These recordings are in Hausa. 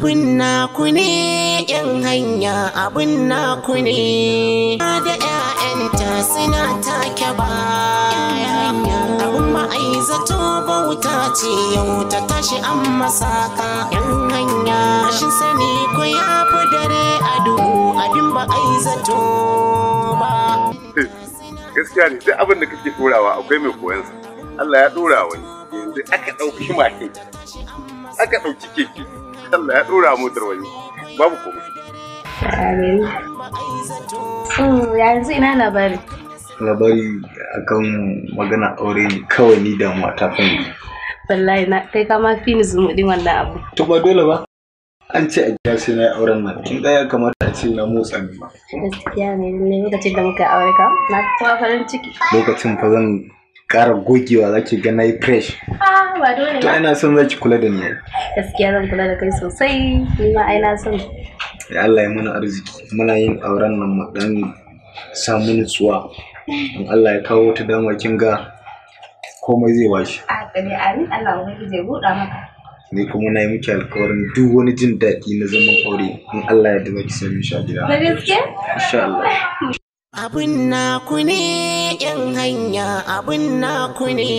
abin naku ne yan hanya abin naku ne da 'ya'yanta suna take ba abin zato bauta ce yau ta tashi an masaka yan hanya shi sani ko ya fi dare a duhu abin ba ai zato ba gaskiya ne duk abin da kake turawa akwai mai koyansa Allah ya dora wani yanzu aka ɗauki makin aka ɗauki keke Allah ya dora motar wani babu komai hmm, yanzu ina labari labari akan magana aure ne kawai ni damuwa ta fani wallahi na kai ka ma fini ni wannan abu to ba dole ba an ce a gida sai na yi auren nan kin ga ya kamata a ce na motsa ni ba gaskiya ne lokacin da muka aure ka na kuma farin ciki lokacin fa zan kara gogewa za ki ga na yi fresh. Ah, ba dole ba. To ina son za ki kula da ni. Gaskiya zan kula da kai sosai, ni ma ai na son. Ya Allah ya mana arziki, muna yin auren nan mu dan samu nutsuwa. In Allah ya kawo ta dama kin ga komai zai washe. A gani amin Allah ubangiji zai buɗa maka. Ni kuma na yi miki alkawarin duk wani jin daɗi na zaman aure in Allah ya dama ki sami shi gida. Da gaske? Insha Allah. Abin na ku ne. yan hanya abin naku ne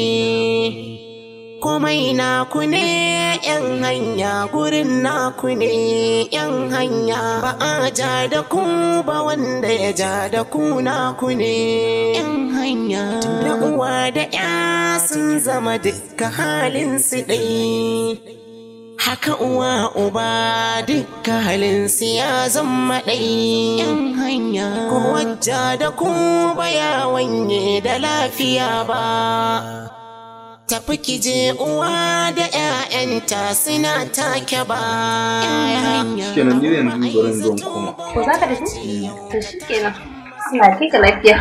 komai naku ne yan hanya gurin naku ne yan hanya ba a ja da ku ba wanda ya ja da ku naku ne yan hanya da uwa da ya sun zama duka halin su ɗai haka uwa uba dukka halinsu ya zama ɗayan hanya ko wajja da ku baya wanye da lafiya ba tafi kije uwa da 'ya'yanta suna take ba kenan ni yanzu ko za ka eh. to shi suna kika lafiya.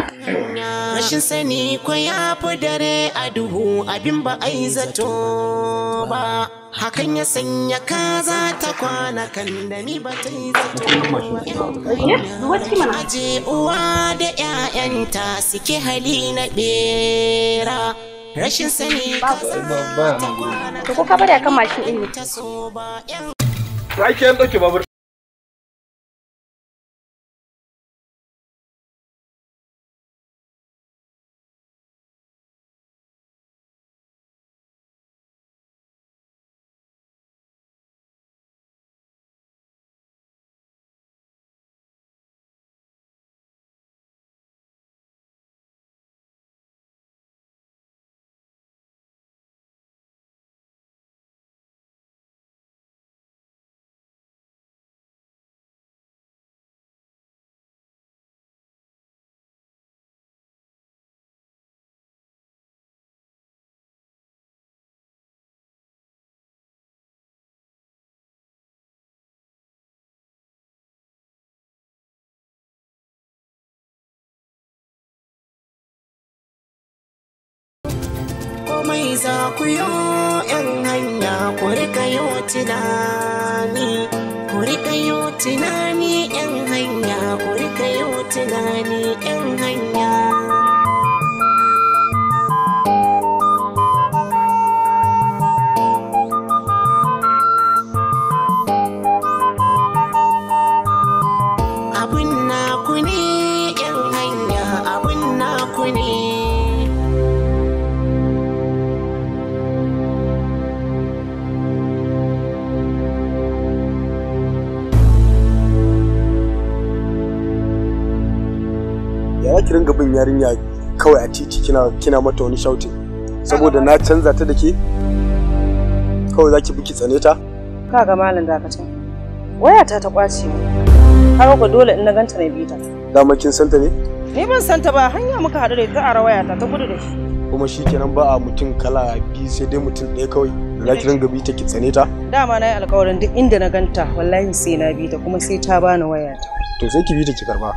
Rashin sani ko ya fi dare a duhu abin ba a yi zato ba. Hakan ya sanya kaza ta kwana kan da ni ba ta yi zato ba. Aje uwa da 'ya'yanta suke hali na bera. Rashin sani kaza ta kwana kan da ni ba ta yi zato ba. Ba, ba, ba, ba, ba, za ku yo yan hanya ku rika yo tunani ku rika yo tunani yan hanya ku rika yo tunani yan hanya abun ku ne yan hanya abun ku ne kiran gabin yarinya kawai a titi kina kina mata wani shouting saboda na canza ta da ke kawai zaki bi ki tsane ta kaga malam ce wayata ta kwace har ko dole in na ganta na bi ta ma kin santa ne ni ban santa ba hanya muka haɗu da ita ara wayata ta gudu da shi kuma shi kenan ba a mutum kala biyu sai dai mutum ɗaya kawai na kiran gabi bi ta ki tsane ta dama na yi alkawarin duk inda na ganta wallahi sai na bi ta kuma sai ta bani wayata to sai ki bi ta ki karba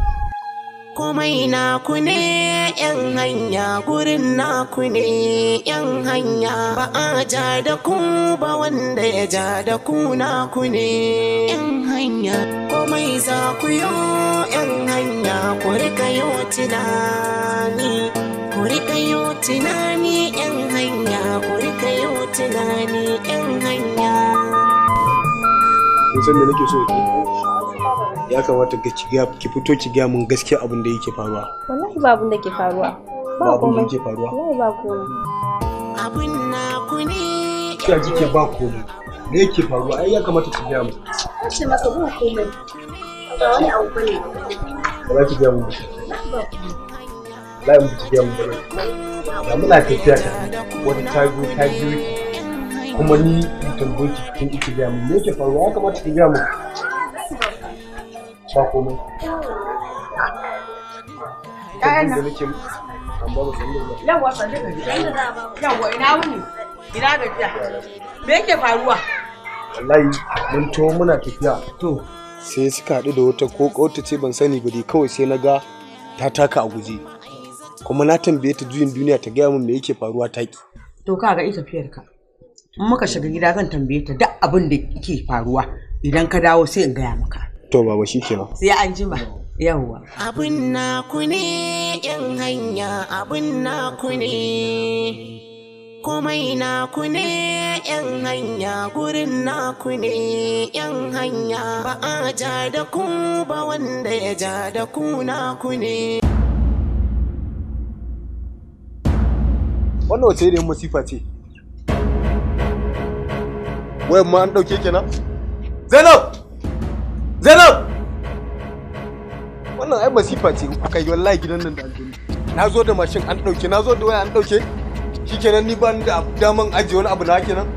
komai naku ne yan hanya gurin naku ne yan hanya ba a ja da ku ba wanda ya ja da ku naku ne yan hanya komai za ku yo yan hanya ku rika yo tunani ku rika yo tunani yan hanya ku rika yo tunani yan hanya. Kun san me nake so ya kamata ki fito ki gaya mun gaskiya abin da yake faruwa wallahi ba abin da ke faruwa ba abin da yake faruwa wallahi ba komai abin na ku ne kika kike ba komai me yake faruwa ai ya kamata ki gaya mun kace maka ba komai ba wani abu ne ba ki gaya mun Lai la mu ci gyan bari da muna tafiya ta wani ta zo ta kuma ni mutum goki cikin ki gaya mun me yake faruwa ya kamata ki gaya mun ba komai ƴaƴan nan yawwa sanduka yawwa ina wuni ina gajiya me yake faruwa wallahi mun to muna tafiya to sai suka haɗu da wata ko kawta ce ban sani ba dai kawai sai na ga ta taka a guje kuma na tambaye ta juyin duniya ta gaya min me yake faruwa taki to ka ga ita tafiyar ka in muka shiga gida zan tambaye ta duk abin da yake faruwa idan ka dawo sai in gaya maka to baba shikenan sai an jima yawwa abin na ku ne yan hanya abin na ku ne komai na ku ne yan hanya gurin na ku ne yan hanya ba a ja da ku ba wanda ya ja da ku na ku ne wannan wace ne masifa ce Wai ma an ɗauke kenan zainab Zainab! Wannan ai masifa ce kai wallahi gidan nan da aljini. Na zo da mashin an ɗauke, na zo da waya an ɗauke. Shikenan ni ba ni da daman ajiye wani abu na kenan.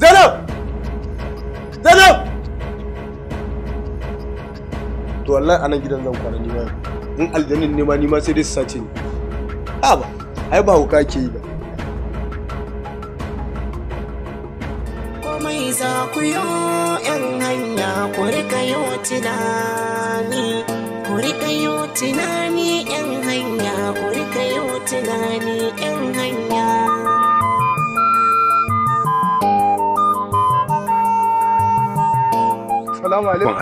Zainab! Zainab! To wallahi anan gidan zan kwana ni ma. In aljanin ne ma ni ma sai dai su sace ni. A ba, ai ba hauka ke yi ba. za ku yo yan hanya ku rika yo tunani ku rika yo tunani yan hanya ku rika yo tunani yan hanya Salamu alaikum.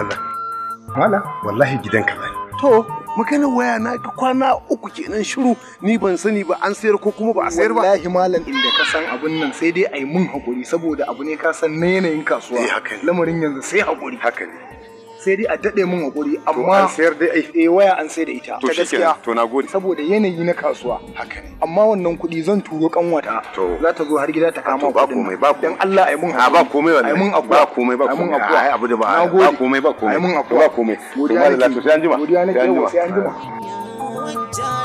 Mala, wallahi gidanka bane. To, maganar waya na ka kwana uku kenan shiru ni ban sani ba an sayar ko kuma ba a sayar ba wallahi malam inda ka san abun nan sai dai a mun hakuri saboda abu ne ka san na yanayin kasuwa eh, lamarin yanzu sai hakuri haka ne sai dai a daɗe mun haƙuri amma an sayar da eh waya an sayar da ita ta gaskiya to nagode saboda yanayi na kasuwa haka ne amma wannan kuɗi zan turo kan kanwata za ta zo har gida ta kama ba komai ba dan Allah ai mun ba komai wannan ai mun abuwa ba komai ba komai ai abu da ba ba komai ba komai ai mun abuwa ba komai godiya ne sai an jima godiya ne sai an jima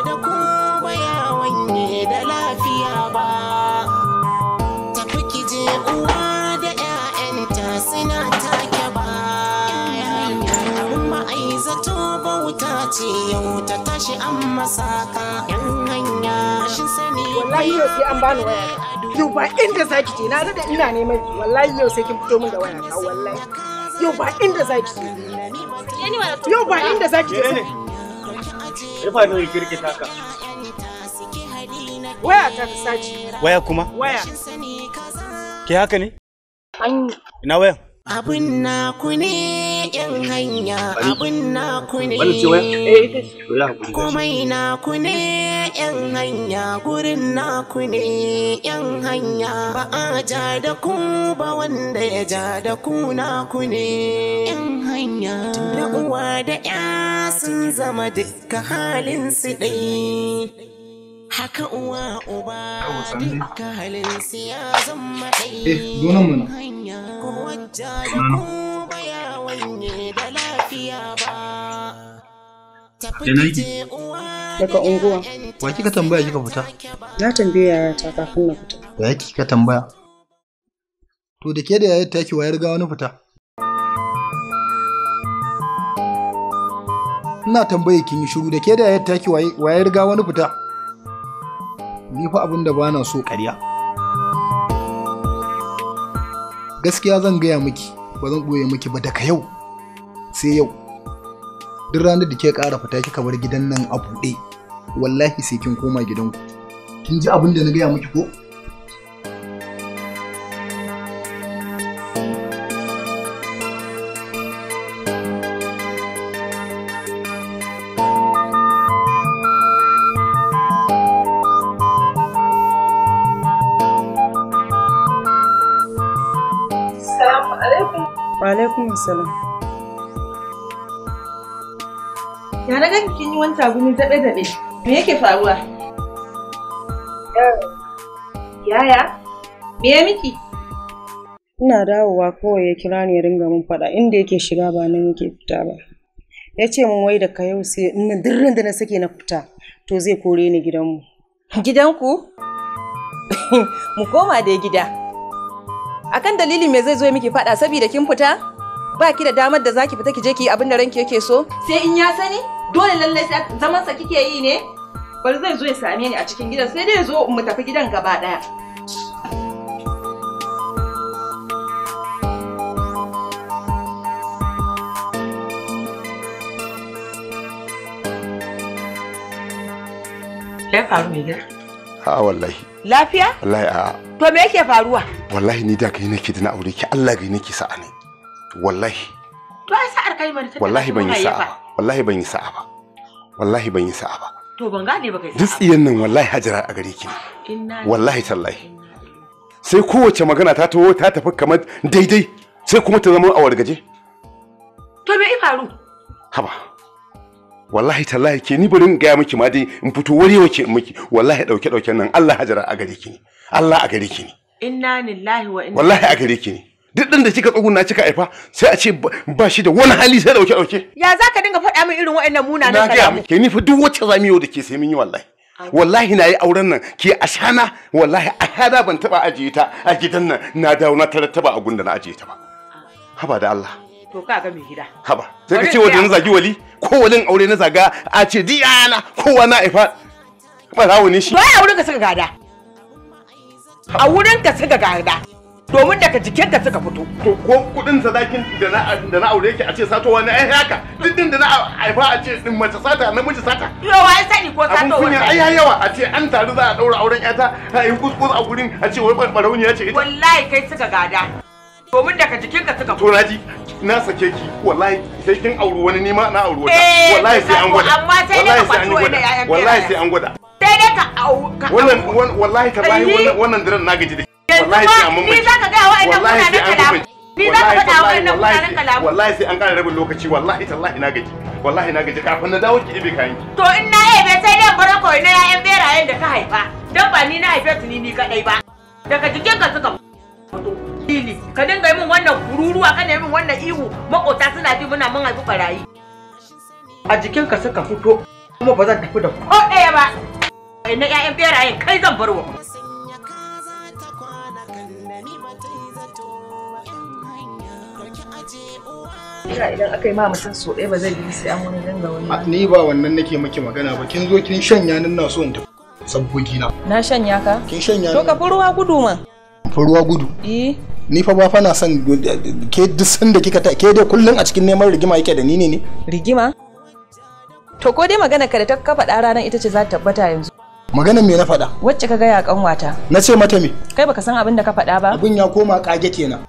da ku baya wanye da lafiya ba tafi ki uwa gashi an masaka yan hanya shin sani wallahi yau sai an bani waya yau ba inda zaki je na da ina neman wallahi yau sai kin fito min da waya ta wallahi yau ba inda zaki je yau ba inda zaki je ne rufa ne kirkita ka waya ta saci waya kuma waya ke haka ne an ina waya. abun na ku ne yan hanya abin na ku ne eh, komai na ku ne yan hanya gurin na ku ne yan hanya ba a ja da ku ba wanda ya ja da ku na ku ne yan hanya da uwa da ya sun zama dukka halin su ɗai haka uwa uba duka halin siya zama ɗaya eh, hanya ko wajja ko wanye da lafiya ba daga unguwa wa kika tambaya kika fita na tambaye yaya ta kafin na fita Wa ya kika tambaya to da ke da yayar taki wa ya riga wani fita ina tambaye kin yi shiru da ke da yayar taki wa ya riga wani fita ni fa abin da bana so ƙarya gaskiya zan gaya miki ba zan ɓoye miki ba daga yau sai yau duk ranar da ke ƙara fita kika bar gidan nan a buɗe wallahi sai kin koma gidanku kin ji abin da na gaya miki ko Wa alaikum salam. Ya na ganki kin yi wani tagumi zabe-zabe? Me yake faruwa? Yaya? Me ya miki? Ina dawowa kawai ya kira ni ya ringa mun faɗa inda yake shiga ba nan yake fita ba. Ya ce mun wai daga yau sai in dirrin da na sake na fita to zai kore ni gidanmu. Gidanku? Mu koma da gida. akan dalili me zai zo miki fada saboda kin fita ba ki da damar da zaki fita ki je ki abin da ranki yake so sai in ya sani dole lallai zaman sa kike yi ne bari zai zo ya same ni a cikin gidan sai dai zo mu tafi gidan gaba daya Ya faru ne gida? Ha wallahi. Lafiya? Wallahi a'a. To me yake faruwa? wallahi ni da kai nake da na aure ki Allah ga nake sa'a ne wallahi to ai sa'ar kai ta wallahi ban yi sa'a ba wallahi ban yi sa'a ba wallahi ban yi sa'a ba to ban gane ba kai duk nan wallahi hajara a gare ki wallahi tallahi sai kowace magana ta tawo ta tafi kamar daidai sai kuma ta zama a wargaje to me faru haba wallahi tallahi ke ni bari in gaya miki ma dai in fito wari ke miki wallahi dauke dauken nan Allah hajara a gare ki Allah a gare ki ne inna lillahi wa inna wallahi a gare ki ne duk ɗin da kika tsuguna kika aifa sai a ce ba shi da wani hali sai dauke dauke ya za ka dinga faɗa min irin waɗannan munanan kalamu ke fa duk wacce zamu yi da ke sai mun yi wallahi wallahi na yi auren nan ke ashana wallahi a hada ban taba ajiye ta a gidan nan na dawo na tarattaba a gunda na ajiye ta ba haba da Allah to ka ga mai gida haba sai ka ce wanda na zagi wali ko walin aure na zaga a ce diyana kowa na aifa ba rawo ne shi ba auren ka saka gada a wurin ka suka gada domin daga jikin ka suka fito to ko kudin sadakin da na da na aure ki a ce satowa ne ai haka duk din da na aifa a ce din mace sata namiji sata yo wai sani ko sato wani abun ai yawa a ce an taru za a daura auren yata a yi kuskus a gurin a ce wai barauni ya ce wallahi kai suka gada domin daga jikin ka suka fito to naji na sake ki wallahi sai kin auri wani nima na auri wata eh, wallahi sai an gwada amma sai ne ka fato yayan wallahi sai an gwada sai dai ka wannan wallahi tallahi wannan wannan daren na gaji da wallahi sai amma ni zaka ga wa'annan mutanen kalamu ni zaka faɗa wa'annan mutanen kalamu wallahi sai an ƙara rabin lokaci wallahi tallahi na gaji wallahi na gaji kafin na dawo ki ibe kayan ki to in na ebe sai dai farko na ya'yan berayen da ka haifa dan ba ni na haife su ni ni kadai ba daga jikin ka suka fito ka dinga yi min wannan kururuwa ka yi min wannan ihu makota suna ji muna mun haifi barayi a jikin jikinka suka fito kuma ba zan tafi da ko ɗaya ba kai na 'ya'yan berayen kai zan barwa. Ina idan aka yi ma mutum so ɗaya ba zai yi sai an wani dinga wani. Ni ba wannan nake maki magana ba kin zo kin shanya nan na so in tafi sabboki na. Na shanya ka? Kin shanya. To ka fi ruwa gudu man. Fi ruwa gudu. Eh. Ni fa ba fa na son ke duk sanda kika ta ke dai kullun a cikin neman rigima yake da ni ne ne. Rigima? To ko dai magana ka da ta kafa ɗara nan ita ce za ta tabbata yanzu. maganan me na faɗa wacce ka gaya kanwata na ce mata me kai baka san abin da ka faɗa ba abin ya koma kage kenan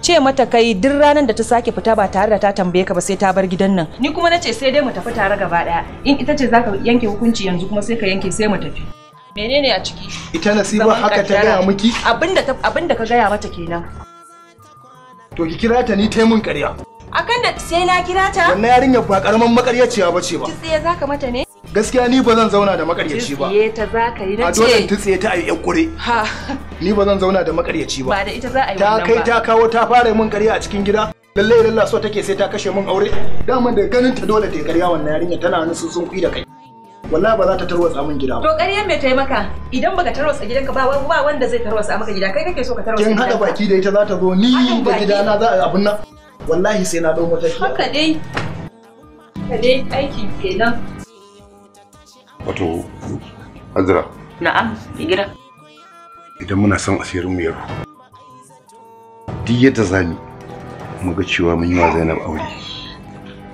ce mata kai duk ranar da ta sake fita ba tare da ta tambaye ka ba sai ta bar gidan nan ni kuma nace sai dai mu tafi tare gaba daya in ita ce zaka yanke hukunci yanzu kuma sai ka yanke sai mu tafi menene a ciki ita nasiba haka ta gaya miki abinda abinda ka gaya mata kenan to ki kira ta ni tai mun ƙarya akan da sai na kira ta wannan yarinyar ba karaman makaryaciya bace ba ki ya zaka mata ne gaskiya ni ba zan zauna da makaryaci ba tsiye ta ka yi ce. a dole ta tsiye ta ayi yakure ha ni ba zan zauna da makaryaci ba ba da ita za a yi ta kai ta kawo ta fara min karya a cikin gida lalle lalle so take sai ta kashe min aure dama da ganin ta dole ta yi ƙarya wannan yarinya tana nan sun kui da kai wallahi ba za ta tarwatsa min gida ba. To karya me ta yi maka? Idan baka tarwatsa gidanka ba ba wanda zai tarwatsa maka gida kai kake so ka tarwatsa. Kin hada baki da ita za ta zo ni da gidana za a abun nan. Wallahi sai na dau mataki. Haka dai. Haka dai aiki kenan. wato azra na'am gira idan muna son asirin mu yaro duk yadda zani mu ga cewa mun yi wa Zainab aure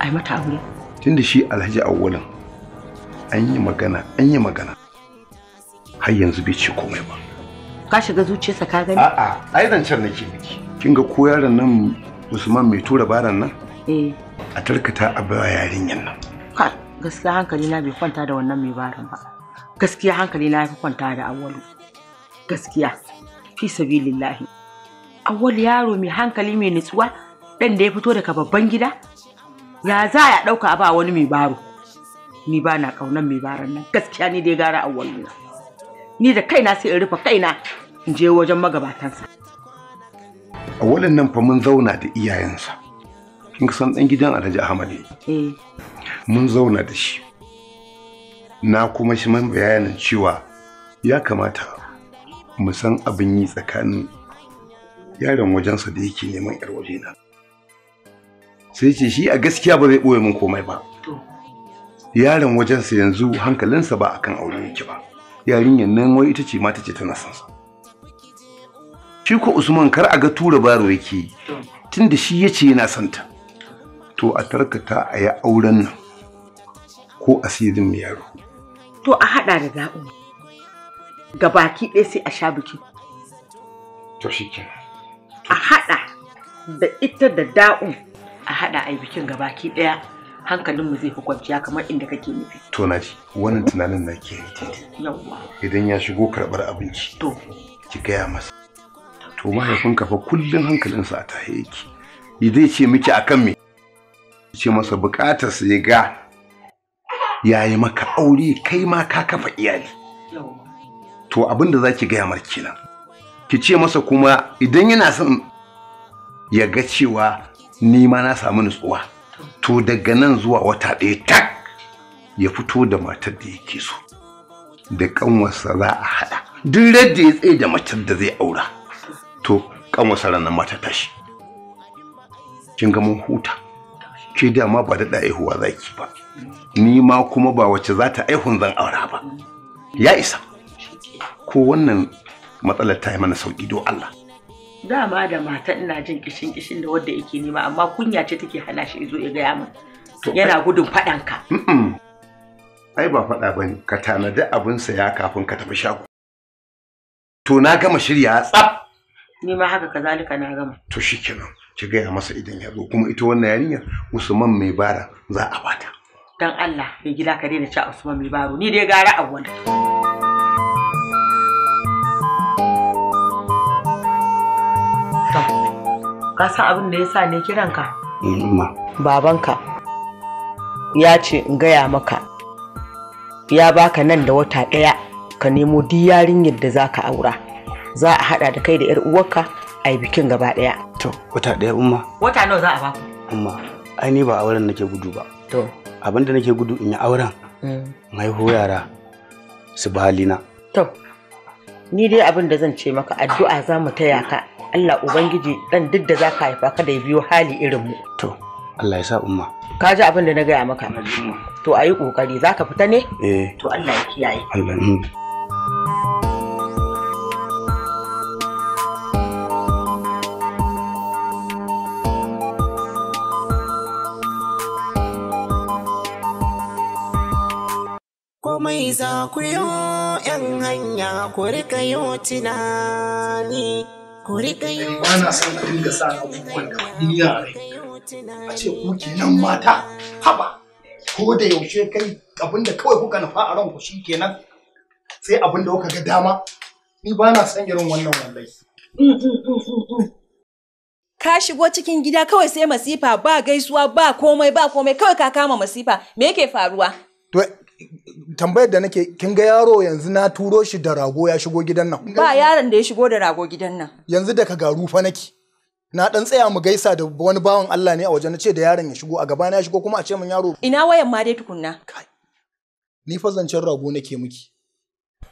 ai mata aure tunda shi Alhaji awwalin an yi magana an yi magana har yanzu bai ce komai ba ka shiga zuciyarsa ka gani a'a ai zancen nake miki kin ga ko yaron nan Usman mai tura baran nan eh a tarkata a ba yarinyan nan gaskiya hankali na bai kwanta da wannan mai barin ba gaskiya hankali na fi kwanta da awalu gaskiya fi sabilillahi awal yaro mai hankali mai nutsuwa dan da ya fito daga babban gida ya za ya dauka ba wani mai baro ni ba na kaunan mai baron nan gaskiya ni dai gara awwalu na ni da kaina sai in rufe kaina in je wajen magabatansa awwalin nan fa mun zauna da iyayensa kin san dan gidan Alhaji Ahmad eh. mun zauna da shi na kuma shi man bayanin cewa ya kamata mu san abin yi tsakanin yaron wajensa da yake neman yar waje na sai ce shi a gaskiya ba zai ɓoye min komai ba yaron wajensa yanzu hankalinsa ba akan aure yake ba yarinyar nan wai ita ce mata ce tana son shi ko usman kar a ga tura baro yake tunda shi yace yana santa to a tarkata a yi auren nan ko a asirin yaro to a hada da zaɓi ga baki ɗaya sai a sha biki to shi a hada da ita da da'un a hada a yi bikin ga baki ɗaya hankalinmu zai fi kwanciya kamar inda kake nufi to na ji wannan tunanin na ke yi idan ya shigo karɓar abinci to ki gaya masa to mahaifinka fa kullum hankalinsa a tahe yake Idai ce miki akan me ce masa bukatar su ga yayi maka aure kai ma ka kafa iyali to abin da za ki gaya mar kenan ki ce masa kuma idan yana son ya ga cewa ni ma na samu nutsuwa to daga nan zuwa wata ɗaya tak ya fito da matar da yake so da kanwarsa za a haɗa duk da ya tsaye da matar da zai aura to kanwarsa ranar mata tashi kin ga mun huta ke dama ba daɗa aihuwa zaki ba ni ma kuma ba wace za ta aihun zan aura ba ya isa ko wannan matsalar ta yi mana sauki do Allah dama da mata ina jin kishin kishin da wadda yake nema amma kunya ce take hana shi zo ya gaya min yana gudun faɗan ka ai ba faɗa bane ka tanadi abin saya kafin ka tafi shago to na gama shirya tsaf ni ma haka kazalika na gama to shikenan ki gaya masa idan ya zo kuma ita wannan yarinya usman mai bara za a bata dan Allah mai gida ka daina ci usman mai baro ni dai gara awwal ka san abin da yasa ne kiranka babanka ya ce in gaya maka ya baka nan da wata ɗaya ka nemo duk yarinyar da zaka aura za a hada da kai da yar uwarka a yi bikin gaba ɗaya To, wata ɗaya umma. Wata nawa za a baku? Umma, ai ni ba auren nake gudu ba. To. Abin da nake gudu in yi auren. Mai mm. ho yara su ba To, ni dai abin da zan ce maka addu'a za mu taya ka. Allah Ubangiji dan duk da za ka haifa ka da biyo hali irin mu. To, Allah ya sa umma. Ka ji abin da na gaya maka. To, a yi ƙoƙari za ka fita ne? Eh. To, Allah ya kiyaye. Allah. Mm. za ku yo yan hanya ku rika yo tunani ku rika yi ba na son ku rika sa abubuwan da kuɗi a ce ku kenan mata haba ko da yaushe kai abinda kawai kuka nufa a ranku shi kenan sai abinda kuka ga dama ni ba na son irin wannan wallahi ka shigo cikin gida kawai sai masifa ba gaisuwa ba komai ba komai kawai ka kama masifa me yake faruwa to tambayar da nake kin ga yaro yanzu na turo shi da rago ya shigo gidan nan ba yaron da ya shigo da rago gidan nan yanzu daga garu fa nake na dan tsaya mu gaisa da wani bawan Allah ne a waje na ce da yaron ya shigo a gaba na ya shigo kuma a ce min yaro ina wayan ma dai tukunna ni fa zancen rago nake miki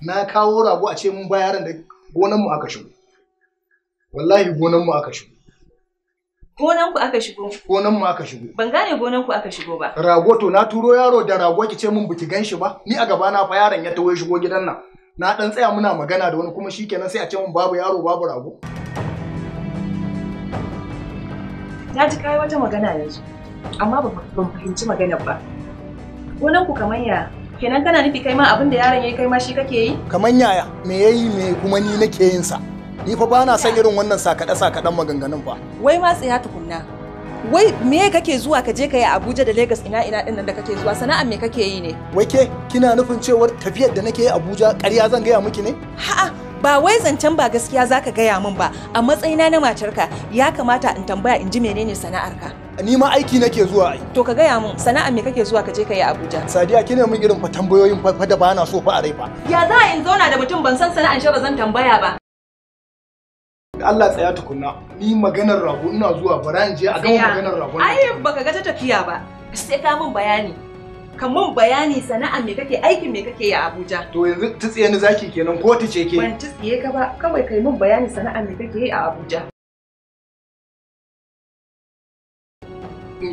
na kawo rago a ce mun ba yaron da gonan mu aka shigo wallahi gonan mu aka shigo Gonan ku aka shigo. Gonan mu aka shigo. Ban gane gonan ku aka shigo ba. Rago to na turo yaro da rago ki ce mun biki gan shi ba. Ni a gaba na fa yaron ya tawo shigo gidan nan. Na dan tsaya muna magana da wani kuma shikenan sai a ce mun babu yaro babu rago. Na ji kai wata magana yanzu. Amma ba ban fahimci maganar ba. Gonan ku kamar ya kenan kana nufi kai ma abin da yaron yayi kai ma shi kake yi? Kamar yaya me yayi me kuma ni nake yin sa. ni fa ba na son irin wannan sakaɗe-sakaɗen maganganun ba wai ma tsaya tukunna wai me kake zuwa ka je ka yi Abuja da Lagos ina ina din nan da kake zuwa sana'a me kake yi ne wai ke kina nufin cewar tafiyar da nake yi Abuja ƙarya zan gaya miki ne ha'a ba wai zancen ba gaskiya zaka gaya min ba a matsayina na matarka ya kamata in tambaya in ji menene sana'arka ni ma aiki nake zuwa ai to ka gaya min sana'a me kake zuwa ka je ka yi Abuja Sadiya kina min irin fa tambayoyin fa da ba na so fa a rai fa ya za in zauna da mutum ban san sana'an shi ba zan tambaya ba Allah tsaya tukunna ni maganar rago ina zuwa bara in je a gama maganar rago ai baka ga ta tafiya ba sai ka mun bayani ka mun bayani sana'a me kake aikin me kake a Abuja to yanzu ta tsiye ni zaki kenan ko ta ce ke ban ta tsiye ka ba kawai kai mun bayani sana'a me kake yi a Abuja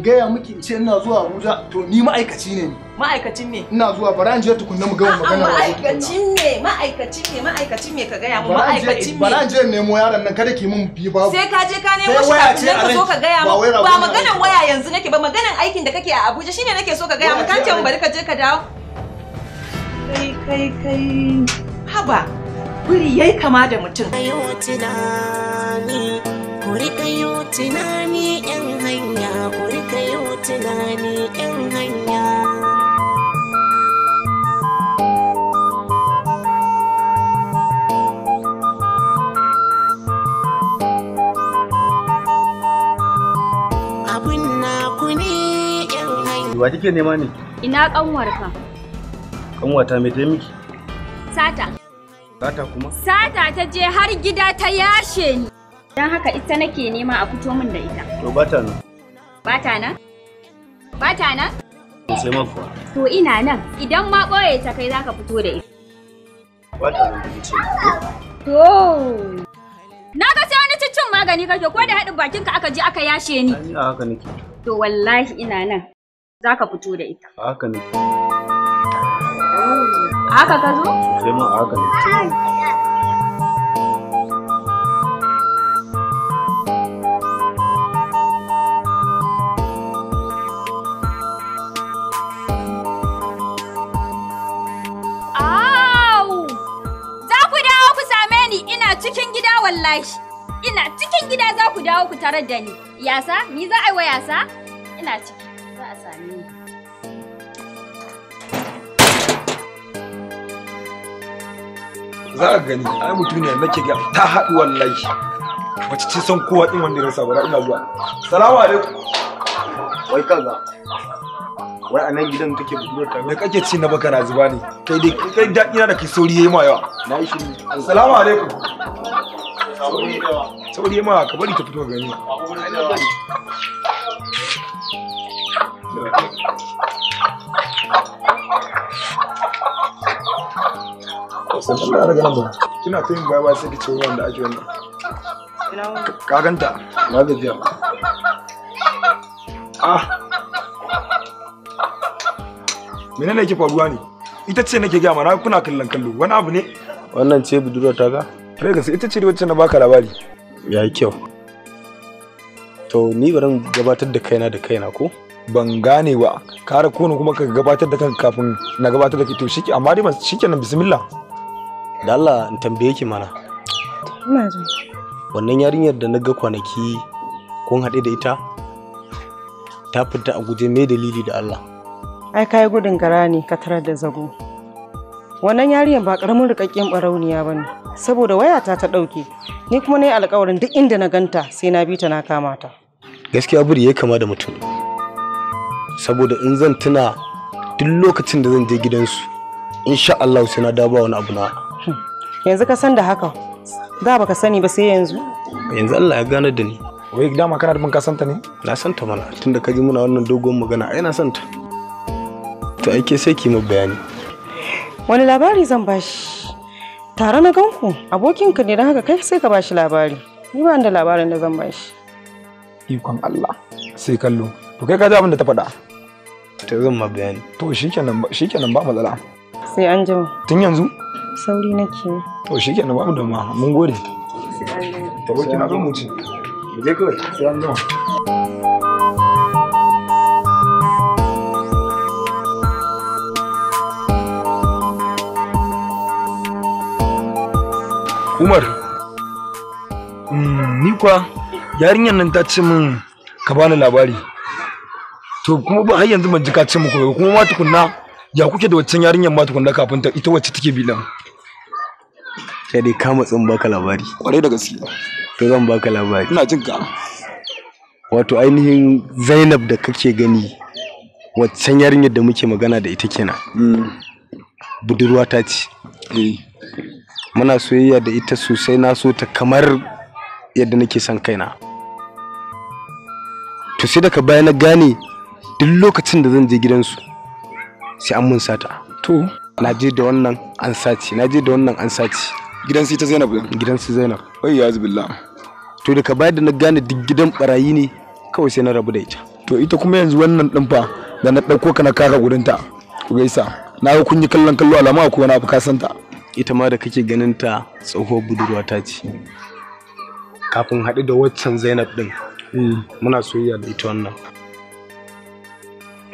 gaya miki ce ina zuwa Abuja to ni ma'aikaci ne ni. Ma'aikacin ne. Ina zuwa bara an je tukunna mu gama magana. Ma'aikacin ne Ma'aikacin ne Ma'aikacin ne ka gaya mu ma'aikacin ne. Bara an je nemo yaron nan kada ki mun bi babu. Sai ka je ka nemo shi kafin ka zo ka gaya mu. Ba maganan waya yanzu nake ba maganan aikin da kake a Abuja shine nake so ka gaya mu kan ce mu bari ka je ka dawo. Kai kai kai. Haba. guri yayi kama da mutum. Ayo tunani. kuri kayo yi tunani 'yan hanya kuri. tunani in hanya abin na kuni in hanya wa kike nema ne ina kanwarka kanwata me ta miki sata sata kuma sata ta je har gida ta yashe ni don haka ita nake nema a fito min da ita to bata nan bata nan Bata nan? nan? Sai mako. To ina nan, idan ma ɓoye ta kai zaka fito da ita. Bata nan da ce. To. Na ga sai wani ciccin magani kake ko da haɗin bakinka aka je aka yashe ni. Ni a haka nake. To wallahi ina nan. Zaka fito da ita. A haka nake. A haka ka zo? Sai ma a haka nake. tarar da ni. Yasa? Ni za a yi wa yasa? Ina ciki. Za a same ni. Za a gani, ai mutum ne nake ga ta haɗu wallahi. Wace ce san kowa ɗin wanda rasa bara ina zuwa. Salamu alaikum. Wai kaza. Wai a nan gidan kake budurwar ta. Me kake ci na baka na zuba ne? Kai dai kai daɗi na da kai sauri yayi ma yawa. Na yi shiru. Assalamu alaikum. Sauri da yawa. sauri ma ka bari ta fito gani ba kina ta yin baya sai kice wannan da ake wannan ka ganta na gajiya ah menene yake faruwa ne ita ce nake gaya mana kuna kallon kallo wani abu ne wannan ce budurwa ta ga ga sai ita ce wacce na baka labari ya yi kyau to ni bari gabatar da kaina da kaina ko ban gane wa. kare kone kuma ka gabatar da kanka kafin na gabatar da to shike amma dai nan bismillah da Allah in tambaye ki mana ina wannan yarinyar da na ga kwanaki kun haɗe da ita ta fita a guje mai dalili da Allah ai kai gudun gara ne ka tarar da zago wannan yarinyar ba karamin rikakken barauniya ba ne saboda wayata ta ɗauke ni kuma na yi alkawarin duk inda na ganta sai na bi ta na kama ta gaskiya buri ya kama da mutum saboda in zan tuna duk lokacin da zan je gidansu insha Allah sai na daba wani abu na hmm. yanzu ka san da haka da baka sani ba sai yanzu yanzu Allah ya gane da ni wai dama kana da ka santa ne na santa mana tunda ka ji muna wannan dogon magana ai na santa to ke sai ki mu bayani wani labari zan bashi tare na ganku abokinka ne don haka kai sai ka bashi labari ni ba da labarin da zan bashi ikon Allah sai kallo to kai ka ji abin da ta faɗa ta zan ma bayani to shikenan shikenan ba matsala sai an jima tun yanzu sauri nake to shikenan ba mu da ma mun gode sai an jima to kina zo mu ci je kawai sai an jima Umar, mm, ni kuwa yarinyar nan ta ce min ka bani labari. To kuma ba har yanzu ban ji ka ce muku ba kuma ma ya kuke da waccan yarinyar ma tukunna kafin ta ita wacce take bilan. Sai dai kama matsin baka labari. Kwarai da gaske. To zan baka labari. Ina jin ka. Wato ainihin Zainab da kake gani waccan yarinyar da muke magana da ita kenan. Mm. Budurwa ta ce. Eh. muna soyayya da ita sosai na so ta kamar yadda nake son kaina to sai daga baya na gane duk lokacin da zan je gidansu sai an mun sata to na je da wannan an sace na je da wannan an sace gidan su ta Zainab gidan su Zainab wai ya zubillah to daga baya da na gane duk gidan barayi ne kawai sai na rabu da ita to ita kuma yanzu wannan din fa da na dauko kana kaka gurin ta ku gaisa na ga kun yi kallon kallo alama ko na abu ka ta ita ma da kake ganin ta tsohuwar budurwata ce kafin haɗu da waccan zainab ɗin mm. muna soyayya da ita wannan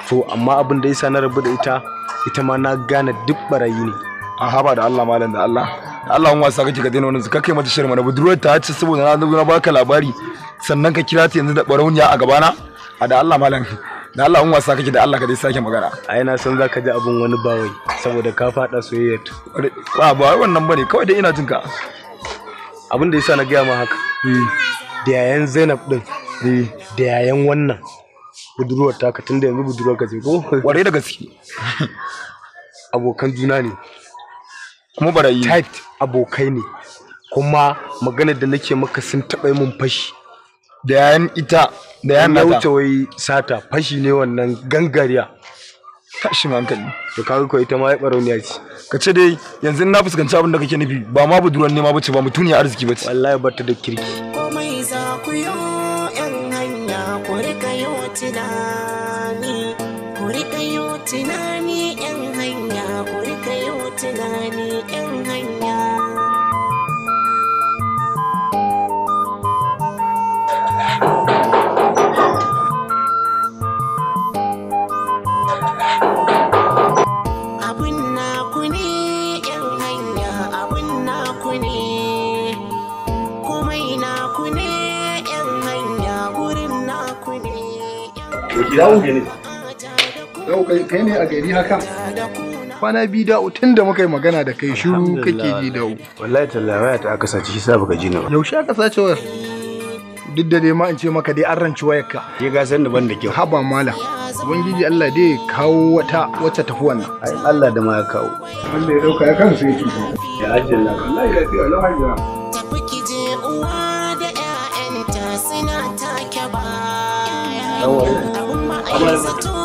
to amma abin da isa na rabu da ita ita ma na gane duk barayi ne a haba da Allah malam da Allah Allah wani wasa kake ka daina wani zaka kai mata shirma na budurwar ta ce saboda na zo na baka labari sannan ka kira ta yanzu da barauniya a gabana a da Allah malam da Allah in wasa kake da Allah ka dai sake magana ai na san zaka ji abun wani bawai saboda ka fada soyayya ba ba wannan bane kawai dai ina jin ka abin da yasa na gaya ma haka hmm. da yayan Zainab din hmm. da yayan wannan budurwar taka tunda yanzu budurwar ka ce ko ware da gaske abokan juna ne kuma barayi tight abokai ne kuma maganar da nake maka sun taɓa mun fashi da yayan ita da yan nata wuce wai sata fashi ne wannan gangariya tashi hankali to kaga ko ita ma ya barauniya ce ka ce dai yanzu na fuskanci abin da kake nufi ba ma budurwan nema bace ba mutuniya arziki bace wallahi bata da kirki komai za ku yo yan hanya ku rika yo tunani ku rika gari haka kwana biyu da tun da muka yi magana da kai shiru kake ji da wallahi tallahi waya ta aka sace shi sabu baka jina ba yaushe aka sace wayar duk da dai ma in ce maka dai an ranci wayar ka ke ga da ban da kyau haba mala ubangiji Allah dai kawo wata wacce tafi wannan ai Allah da ma ya kawo wanda ya dauka ya kan sai ki ya ajin na wallahi ya fi Allah hajjira tafi ki je uwa da ƴaƴanta suna take ba Amma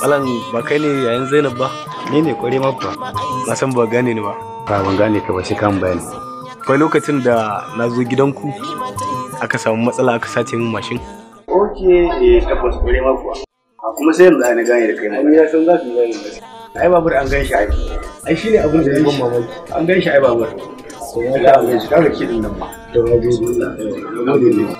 Malam ba kai ne yayin Zainab ba? Ni ne kware mabba. Na san ba gane ni ba. Ba ban gane ka ba sai kan bayani. Akwai lokacin da na zo gidanku aka samu matsala aka sace min mashin. Oke, eh tabbas kware mabba. Kuma sai yanzu na gane da kai. Ni ya san za su gane. Ai babur an gan shi ai. Ai shine abin da ya ban mamaki. An gan shi ai babur. Sai ya ga shi kaga kidin nan ba. To, na gode. Na gode.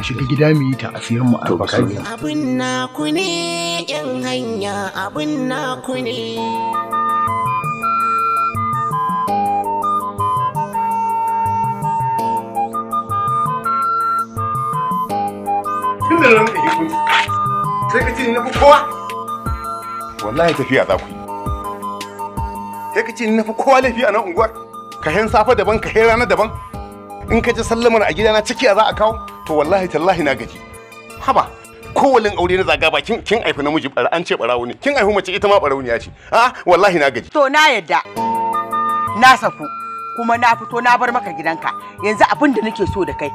mu shiga gida mu yi ta asirin mu albakari abin na ku ne yan hanya abin na ku ne Tun nan da yi sai ka ce na fi kowa. Wallahi tafiya za ku yi. Sai ka ce na fi kowa laifi a nan unguwar. hin safa daban, ka hin rana daban. In ka ji sallamar a gidana ciki a za a kawo. to wallahi tallahi na gaji haba kowalin aure na zaga ba kin kin aifi namiji bara an ce barawo ne kin aifi mace ita ma ya ce a ah, wallahi na gaji to na yadda na saku kuma na fito na bar maka gidanka yanzu abin da nake so da kai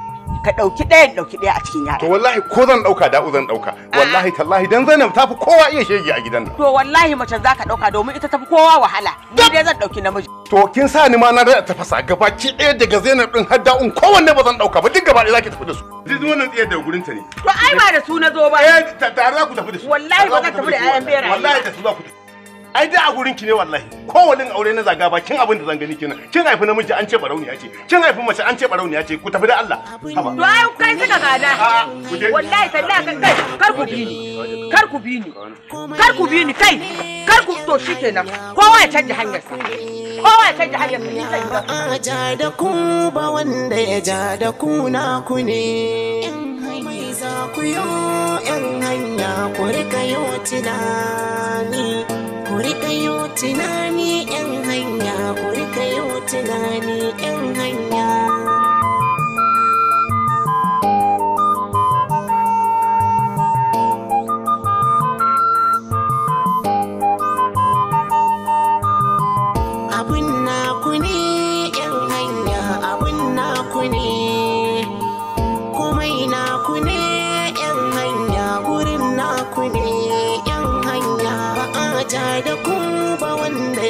ka ɗauki ɗayan ɗauki ɗaya a cikin yara. To wallahi ko zan ɗauka da'u zan ɗauka. Ah. Wallahi tallahi dan Zainab ta fi kowa iya shege a gidan nan. To wallahi mace za ka ɗauka domin ita ta fi kowa wahala. Ni dai zan ɗauki namiji. To kin sa ni ma na da tafasa gabaki ɗaya daga Zainab din har da'un kowanne ba zan dauka ba duk gaba ɗaya zaki tafi da su. Duk wannan tsiyar da gurin ta ne. To ai ba da su na zo ba. Eh tare za ku tafi da su. Wallahi ba zan tafi da ayan bera. Wallahi da su za ku tafi. Ai da a gurin ki ne wallahi. Kowalin aure na zaga ba kin abin da zan gani kenan. Kin haifi namiji an ce barauniya ce. Kin haifi mace an ce barauniya ce. Ku tafi da Allah. To ai kai suka gada. Wallahi tallahi kan kai kar ku bi ni. Kar ku bi ni. Kar ku bi ni kai. Kar ku to shikenan. Kowa ya canja hanyarsa. kowa sai da hanyar ba. A ja da ku ba wanda ya ja da ku na ku ne. Mai za ku yo ‘yan hanya ku rika yo tunani. Ku rika yo tunani ‘yan hanya ku rika yo tunani ‘yan hanya.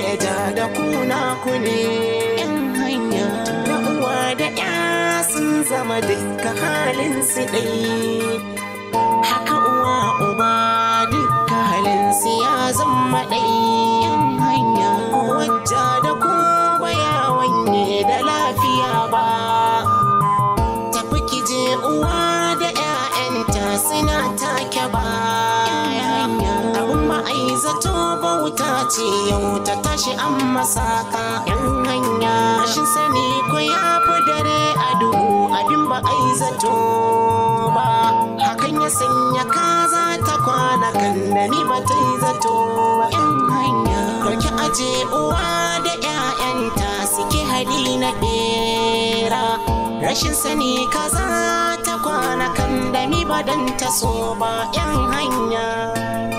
ya ja da kuna ku ne yan hanya na uwa da ya sun zama duka halin su ɗai haka uwa uba duka halin su ya zama ɗai yan hanya wajja da kowa ya wanye da lafiya ba tafi kije uwa da 'ya'yanta suna take ba zato bauta ce yau ta tashi an masaka yan hanya rashin sani ko ya fi dare a duhu abin ba a yi zato ba hakan ya sanya kaza ta kwana kan da ni ba ta yi zato ba yan hanya ɗauki aje uwa da 'ya'yanta suke hali na ɗera rashin sani kaza ta kwana kan da ni ba don ta so ba yan hanya